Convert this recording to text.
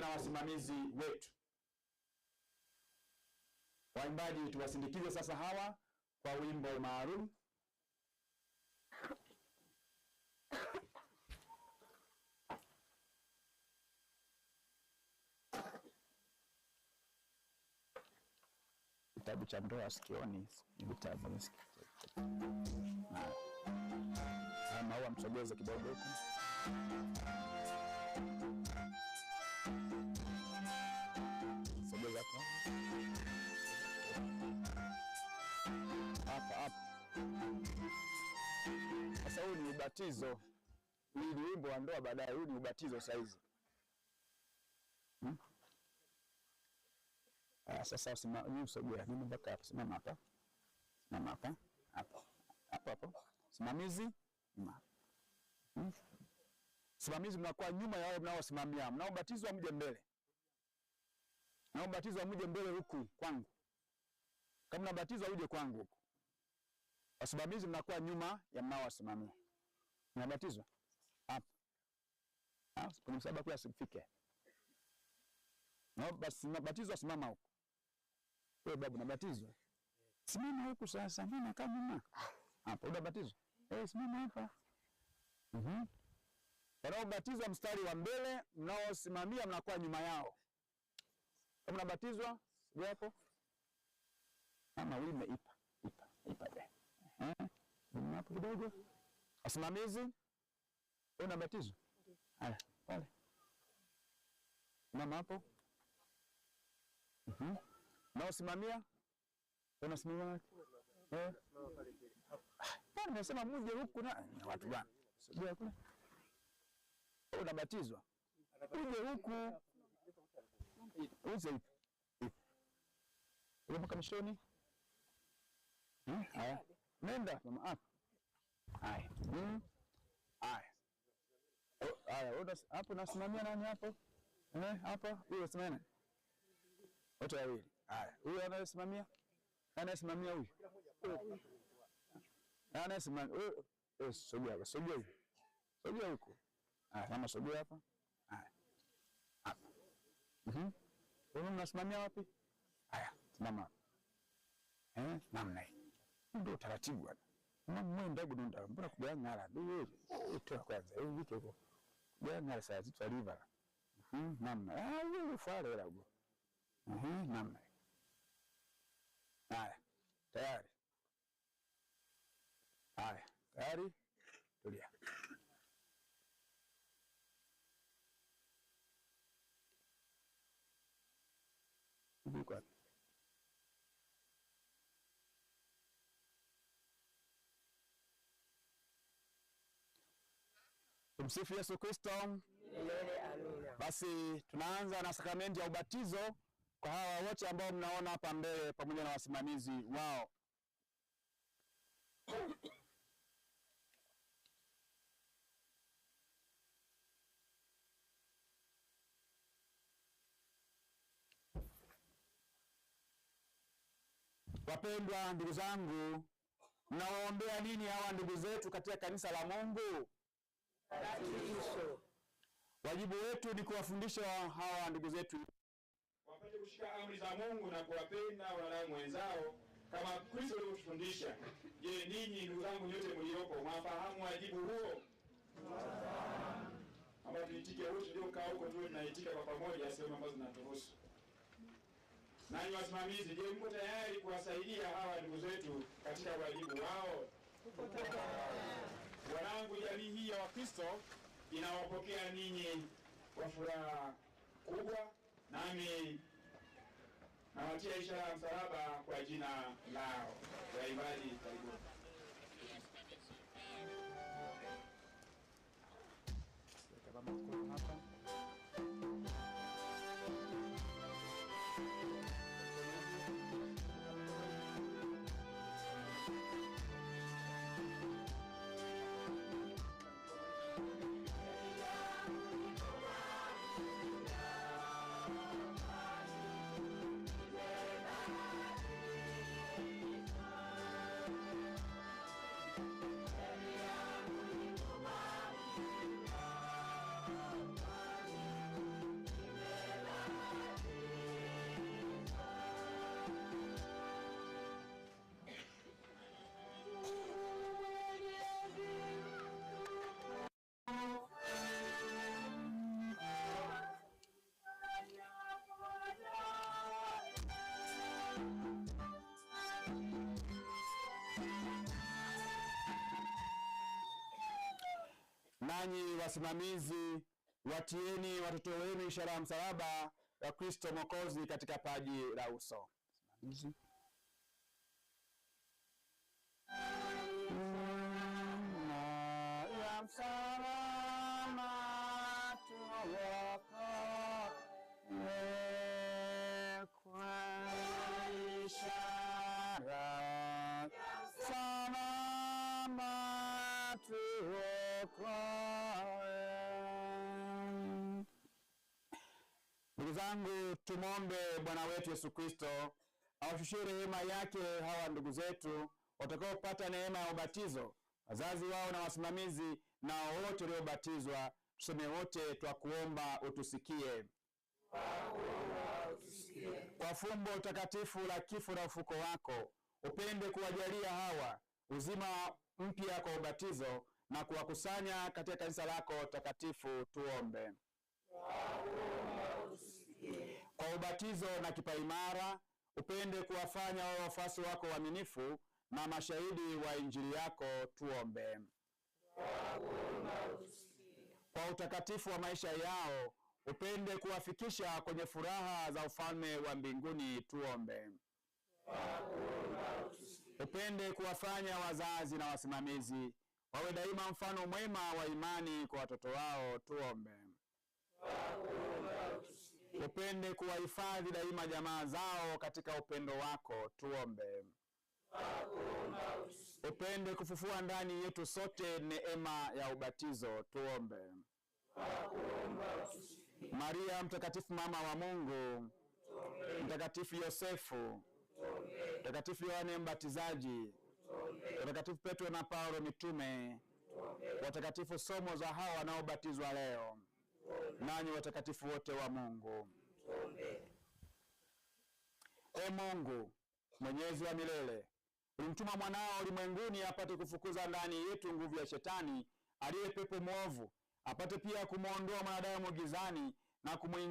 na wasimamizi wetu. Waimbaji, tuwasindikize sasa hawa kwa wimbo maalum. Kitabu cha ndoa sikioni, kitabu ah. ah, maua msogeze kidogo huko. sasa huu ni ubatizo. Hii ni wimbo wa ndoa baadaye, huu ni ubatizo saizi hmm? Ah, sasa sima, usogea nini mpaka hapa, simama hapa, simama hapa hapo hapo, simamizi hmm? Simamizi mnakuwa nyuma ya wale mnaosimamia, mnaobatizwa mje mbele, mnaobatizwa mje mbele huku kwangu, kama mnabatizwa uje kwangu huku. Wasimamizi mnakuwa nyuma ya mnaowasimamia. Unabatizwa hapa ah, kwenye msalaba kule, asifike na basi nabatizwa, simama huko. Wewe babu, nabatizwa, simama huko. Sasa mimi nakaa nyuma hapa, unabatizwa eh, simama hapa. Mhm, wanaobatizwa mstari wa mbele, mnaosimamia mnakuwa nyuma yao. Kama unabatizwa sio hapo, ama ah, wime ipa ipa ipa eh, hapo kidogo Wasimamizi una unabatizwa haya pale, mama hapo mm-hmm. na usimamia, unasimamia wapi? Eh, Na ah, nasema muje huku na watu bwana, sogea kule, unabatizwa uje huku uze mpaka mishoni. Hmm? Haya, nenda mama hapo ah. Hmm? Oh, hapo nasimamia nani hapo eh, hapa? Huyo nani? Wote wawili. Haya, huyo anayesimamia anayesimamia huyu anayesimamia eh, sogea, sogea sogea huko. Haya, sogea hapa. Haya, hapa. Mhm, wewe unasimamia wapi? Haya, simama eh, namna hii ndio taratibu hapa namwenda kudonda mbona kugangala duweitoa kwanza uvitoko kugangala tayari haya tayari tulia Tumsifu Yesu Kristo milele amina. Basi tunaanza na sakramenti ya ubatizo kwa hawa wote ambao mnaona hapa mbele pamoja na wasimamizi wao. Wapendwa ndugu zangu, mnawaombea nini hawa ndugu zetu katika kanisa la Mungu? Wajibu wetu ni kuwafundisha hawa ndugu zetu wapate kushika amri za Mungu na kuwapenda wanadamu wenzao kama Kristo alivyotufundisha. Je, ninyi ndugu zangu nyote mliopo mwafahamu wajibu huo? Ambayo tuitike wote tuliokaa huko, tuwe tunaitika kwa pamoja sehemu ambazo zinatuhusu. nani wasimamizi, je, mko tayari kuwasaidia hawa ndugu zetu katika wajibu wao? Wanangu, jamii hii ya Wakristo inawapokea ninyi kwa furaha kubwa, nami nawatia ishara ya msalaba kwa jina lao. Waimbaji, karibuni. Kama Nanyi wasimamizi, watieni watoto wenu ishara ya msalaba wa Kristo Mwokozi katika paji la uso. zangu, tumwombe Bwana wetu Yesu Kristo awashushie rehema yake hawa ndugu zetu watakaopata neema ya ubatizo, wazazi wao na wasimamizi, na wote waliobatizwa. Tuseme wote, twakuomba utusikie. Kwa fumbo takatifu la kifo na ufuko wako upende kuwajalia hawa uzima mpya kwa ubatizo na kuwakusanya katika kanisa lako takatifu. Tuombe kwa ubatizo na kipaimara, upende kuwafanya wao wafuasi wako waaminifu na mashahidi wa Injili yako. Tuombe. Kwa utakatifu wa maisha yao upende kuwafikisha kwenye furaha za ufalme wa mbinguni. Tuombe. Upende kuwafanya wazazi na wasimamizi wawe daima mfano mwema wa imani kwa watoto wao. Tuombe upende kuwahifadhi daima jamaa zao katika upendo wako. Tuombe. Upende kufufua ndani yetu sote neema ya ubatizo. Tuombe. Maria mtakatifu, mama wa Mungu, mtakatifu Yosefu, mtakatifu Yohane Mbatizaji, watakatifu Petro na Paulo mitume, watakatifu somo za hawa wanaobatizwa leo nanyi watakatifu wote wa Mungu. Tuombe. E Mungu mwenyezi wa milele, ulimtuma mwanao ulimwenguni apate kufukuza ndani yetu nguvu ya shetani aliye pepo mwovu, apate pia kumwondoa mwanadamu gizani na kumwingia